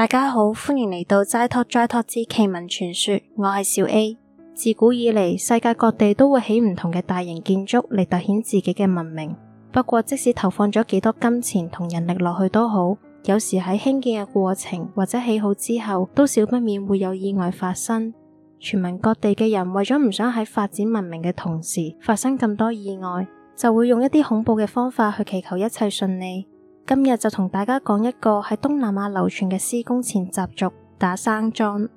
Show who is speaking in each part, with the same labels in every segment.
Speaker 1: 大家好，歡迎嚟到齋托齋托之奇聞傳說，我係小 A。自古以嚟，世界各地都會起唔同嘅大型建築嚟凸顯自己嘅文明。不過，即使投放咗幾多金錢同人力落去都好，有時喺興建嘅過程或者起好之後，都少不免會有意外發生。全民各地嘅人為咗唔想喺發展文明嘅同時發生咁多意外，就會用一啲恐怖嘅方法去祈求一切順利。今日就同大家講一個喺東南亞流傳嘅施工前習俗打生樁。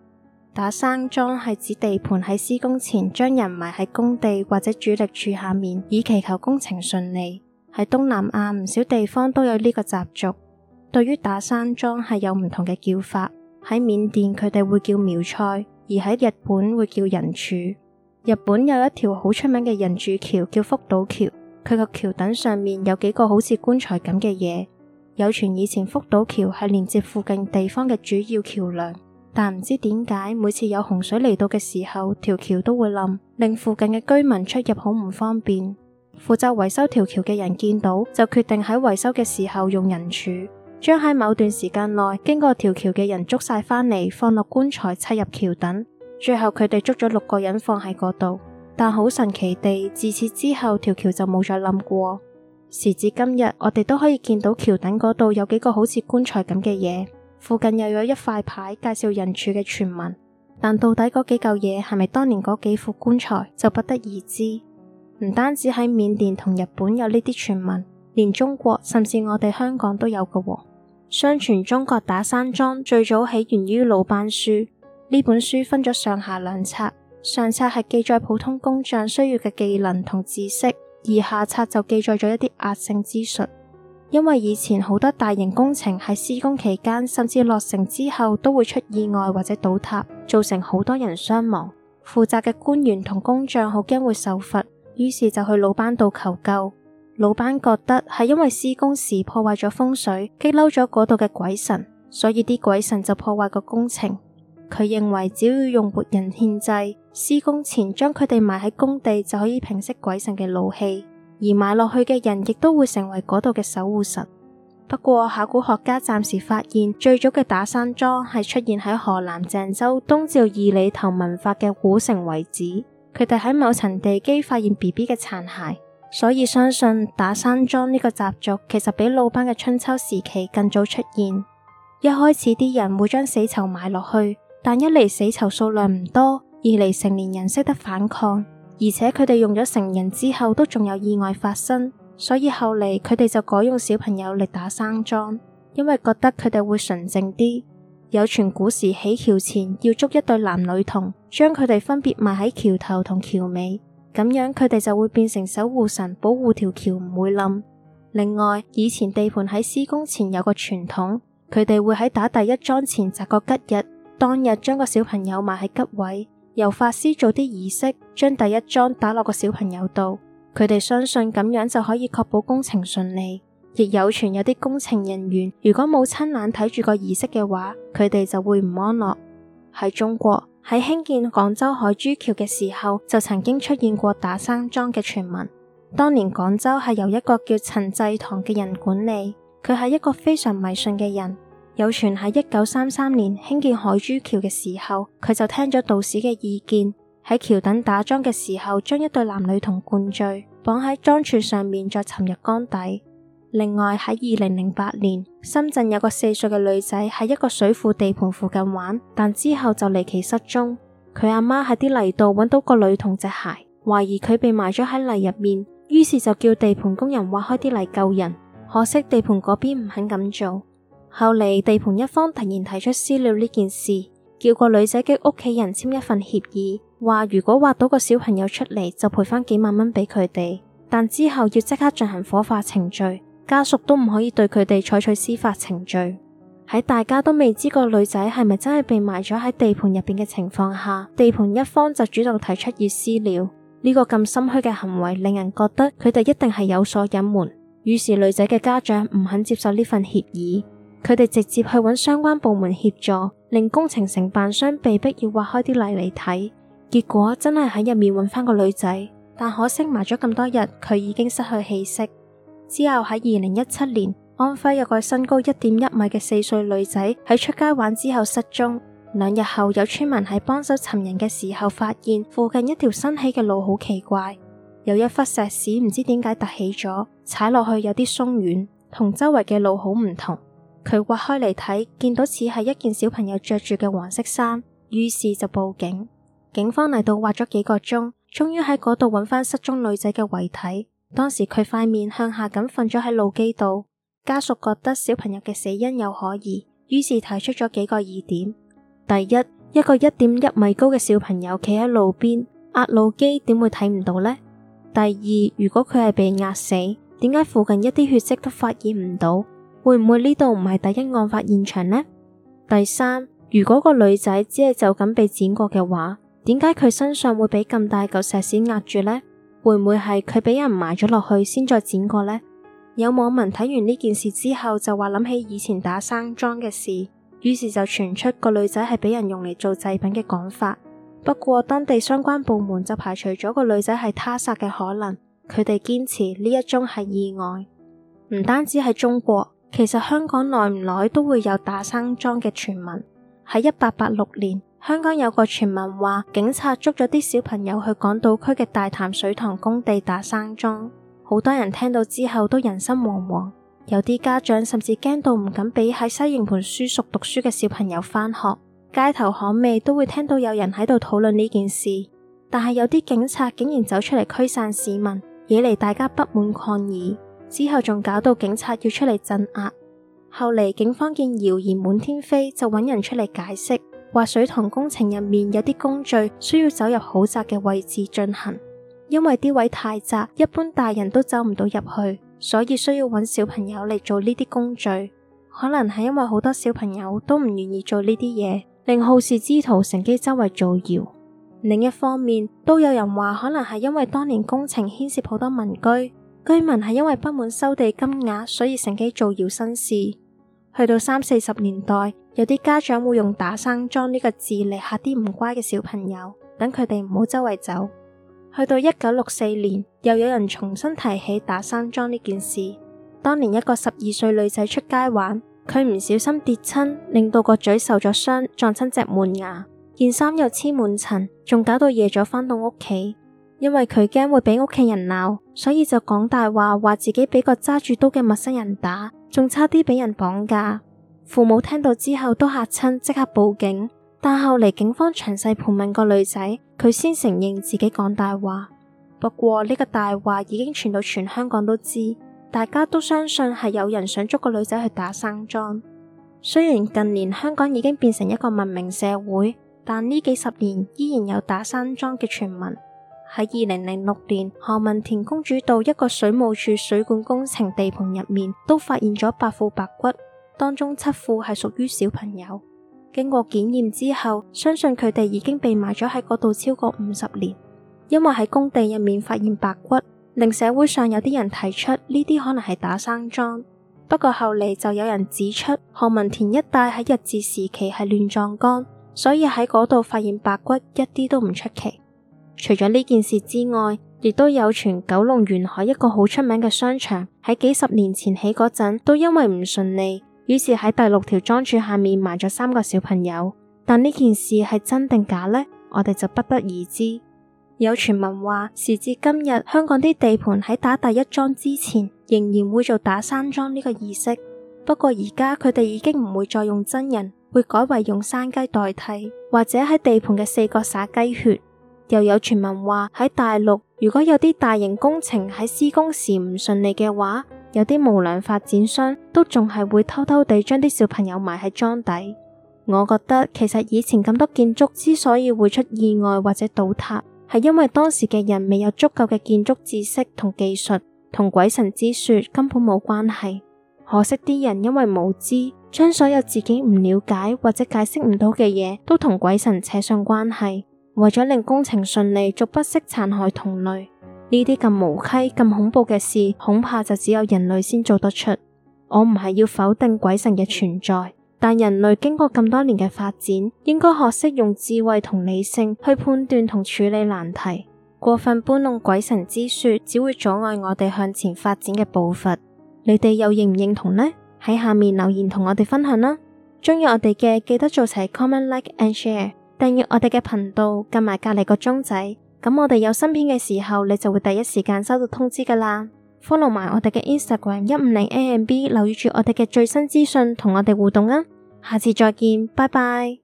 Speaker 1: 打生樁係指地盤喺施工前將人埋喺工地或者主力柱下面，以祈求工程順利。喺東南亞唔少地方都有呢個習俗。對於打生樁係有唔同嘅叫法，喺緬甸佢哋會叫苗菜，而喺日本會叫人柱。日本有一條好出名嘅人柱橋叫福島橋，佢個橋墩上面有幾個好似棺材咁嘅嘢。有傳以前福島橋係連接附近地方嘅主要橋樑，但唔知點解每次有洪水嚟到嘅時候，條橋都會冧，令附近嘅居民出入好唔方便。負責維修條橋嘅人見到就決定喺維修嘅時候用人柱，將喺某段時間內經過條橋嘅人捉晒翻嚟，放落棺材砌入橋躉。最後佢哋捉咗六個人放喺嗰度，但好神奇地自此之後條橋就冇再冧過。時至今日，我哋都可以見到橋墩嗰度有幾個好似棺材咁嘅嘢，附近又有一塊牌介紹人柱嘅傳聞。但到底嗰幾嚿嘢係咪當年嗰幾副棺材就不得而知。唔單止喺緬甸同日本有呢啲傳聞，連中國甚至我哋香港都有㗎喎。相傳中國打生椿最早起源於魯班書，呢本書分咗上下兩冊，上冊係記載普通工匠需要嘅技能同知識。而下冊就記載咗一啲壓性資訊，因為以前好多大型工程喺施工期間，甚至落成之後都會出意外或者倒塌，造成好多人傷亡。負責嘅官員同工匠好驚會受罰，於是就去老班度求救。老班覺得係因為施工時破壞咗風水，激嬲咗嗰度嘅鬼神，所以啲鬼神就破壞個工程。佢認為，只要用活人獻祭，施工前將佢哋埋喺工地就可以平息鬼神嘅怒氣，而埋落去嘅人亦都會成為嗰度嘅守護神。不過，考古學家暫時發現最早嘅打生椿係出現喺河南鄭州東趙二里頭文化嘅古城遺址，佢哋喺某層地基發現 BB 嘅殘骸，所以相信打生椿呢個習俗其實比魯班嘅春秋時期更早出現。一開始啲人會將死囚埋落去。但一嚟死囚數量唔多，二嚟成年人識得反抗，而且佢哋用咗成人之後都仲有意外發生，所以後嚟佢哋就改用小朋友嚟打生樁，因為覺得佢哋會純正啲。有傳古時起橋前要捉一對男女童，將佢哋分別埋喺橋頭同橋尾，咁樣佢哋就會變成守護神，保護條橋唔會冧。另外，以前地盤喺施工前有個傳統，佢哋會喺打第一樁前擇個吉日。當日將個小朋友埋喺吉位，由法師做啲儀式，將第一樁打落個小朋友度。佢哋相信咁樣就可以確保工程順利。亦有傳有啲工程人員如果冇親眼睇住個儀式嘅話，佢哋就會唔安樂。喺中國喺興建廣州海珠橋嘅時候，就曾經出現過打生樁嘅傳聞。當年廣州係由一個叫陳濟棠嘅人管理，佢係一個非常迷信嘅人。有傳喺一九三三年興建海珠橋嘅時候，佢就聽咗道士嘅意見，喺橋墩打樁嘅時候，將一對男女童灌醉，綁喺樁柱上面再沉入江底。另外喺二零零八年，深圳有個四歲嘅女仔喺一個水庫地盤附近玩，但之後就離奇失蹤。佢阿媽喺啲泥度搵到個女童隻鞋，懷疑佢被埋咗喺泥入面，於是就叫地盤工人挖開啲泥救人，可惜地盤嗰邊唔肯咁做。後嚟，地盤一方突然提出私了呢件事，叫個女仔嘅屋企人簽一份協議，話如果挖到個小朋友出嚟，就賠翻幾萬蚊俾佢哋，但之後要即刻進行火化程序，家屬都唔可以對佢哋採取司法程序。喺大家都未知個女仔係咪真係被埋咗喺地盤入邊嘅情況下，地盤一方就主動提出要私了。呢個咁心虛嘅行為，令人覺得佢哋一定係有所隱瞞。於是，女仔嘅家長唔肯接受呢份協議。佢哋直接去揾相關部門協助，令工程承辦商被迫要挖開啲泥嚟睇。結果真係喺入面揾翻個女仔，但可惜埋咗咁多日，佢已經失去氣息。之後喺二零一七年，安徽有個身高一點一米嘅四歲女仔喺出街玩之後失蹤，兩日後有村民喺幫手尋人嘅時候，發現附近一條新起嘅路好奇怪，有一忽石屎唔知點解突起咗，踩落去有啲鬆軟，同周圍嘅路好唔同。佢挖開嚟睇，見到似係一件小朋友着住嘅黃色衫，於是就報警。警方嚟到挖咗幾個鐘，終於喺嗰度搵翻失蹤女仔嘅遺體。當時佢塊面向下咁瞓咗喺路基度。家屬覺得小朋友嘅死因有可疑，於是提出咗幾個疑點：第一，一個一點一米高嘅小朋友企喺路邊，壓路機，點會睇唔到呢？第二，如果佢係被壓死，點解附近一啲血跡都發現唔到？會唔會呢度唔係第一案發現場呢？第三，如果個女仔只係就咁被剪過嘅話，點解佢身上會俾咁大嚿石屎壓住呢？會唔會係佢俾人埋咗落去先再剪過呢？有網民睇完呢件事之後就話諗起以前打生椿嘅事，於是就傳出個女仔係俾人用嚟做祭品嘅講法。不過當地相關部門就排除咗個女仔係他殺嘅可能，佢哋堅持呢一宗係意外。唔單止係中國。其實香港耐唔耐都會有打生樁嘅傳聞。喺一八八六年，香港有個傳聞話，警察捉咗啲小朋友去港島區嘅大潭水塘工地打生樁。好多人聽到之後都人心惶惶，有啲家長甚至驚到唔敢俾喺西營盤書塾讀書嘅小朋友返學。街頭巷尾都會聽到有人喺度討論呢件事，但係有啲警察竟然走出嚟驅散市民，惹嚟大家不滿抗議。之後仲搞到警察要出嚟鎮壓。後嚟警方見謠言滿天飛，就揾人出嚟解釋，話水塘工程入面有啲工序需要走入好窄嘅位置進行，因為啲位太窄，一般大人都走唔到入去，所以需要揾小朋友嚟做呢啲工序。可能係因為好多小朋友都唔願意做呢啲嘢，令好事之徒乘機周圍造謠。另一方面，都有人話可能係因為當年工程牽涉好多民居。居民係因為不滿收地金額，所以乘機造謠生事。去到三四十年代，有啲家長會用打生樁呢個字嚟吓啲唔乖嘅小朋友，等佢哋唔好周圍走。去到一九六四年，又有人重新提起打生樁呢件事。當年一個十二歲女仔出街玩，佢唔小心跌親，令到個嘴受咗傷，撞親隻門牙，件衫又黐滿塵，仲搞到夜咗返到屋企。因為佢驚會俾屋企人鬧，所以就講大話，話自己俾個揸住刀嘅陌生人打，仲差啲俾人綁架。父母聽到之後都嚇親，即刻報警。但後嚟警方詳細盤問個女仔，佢先承認自己講大話。不過呢個大話已經傳到全香港都知，大家都相信係有人想捉個女仔去打生椿。雖然近年香港已經變成一個文明社會，但呢幾十年依然有打生椿嘅傳聞。喺二零零六年，何文田公主道一個水務署水管工程地盤入面，都發現咗八副白骨，當中七副係屬於小朋友。經過檢驗之後，相信佢哋已經被埋咗喺嗰度超過五十年。因為喺工地入面發現白骨，令社會上有啲人提出呢啲可能係打生樁。不過後嚟，就有人指出，何文田一帶喺日治時期係亂葬崗，所以喺嗰度發現白骨一啲都唔出奇。除咗呢件事之外，亦都有傳九龍沿海一個好出名嘅商場喺幾十年前起嗰陣，都因為唔順利，於是喺第六條椿柱下面埋咗三個小朋友。但呢件事係真定假咧？我哋就不得而知。有傳聞話，時至今日，香港啲地盤喺打第一椿之前仍然會做打生椿呢個儀式，不過而家佢哋已經唔會再用真人，會改為用生雞代替，或者喺地盤嘅四角灑雞血。又有傳聞話喺大陸，如果有啲大型工程喺施工時唔順利嘅話，有啲無良發展商都仲係會偷偷地將啲小朋友埋喺樁底。我覺得其實以前咁多建築之所以會出意外或者倒塌，係因為當時嘅人未有足夠嘅建築知識同技術，同鬼神之說根本冇關係。可惜啲人因為無知，將所有自己唔了解或者解釋唔到嘅嘢都同鬼神扯上關係。為咗令工程順利，逐不惜殘害同類，呢啲咁無稽、咁恐怖嘅事，恐怕就只有人類先做得出。我唔係要否定鬼神嘅存在，但人類經過咁多年嘅發展，應該學識用智慧同理性去判斷同處理難題。過分搬弄鬼神之說，只會阻礙我哋向前發展嘅步伐。你哋又認唔認同呢？喺下面留言同我哋分享啦！鍾意我哋嘅記得做齊 comment、like and share。訂閱我哋嘅頻道，撳埋隔籬個鐘仔，咁我哋有新片嘅時候，你就會第一時間收到通知㗎喇。Follow 埋我哋嘅 Instagram 一五零 AMB，留意住我哋嘅最新資訊，同我哋互動啊！下次再見，拜拜。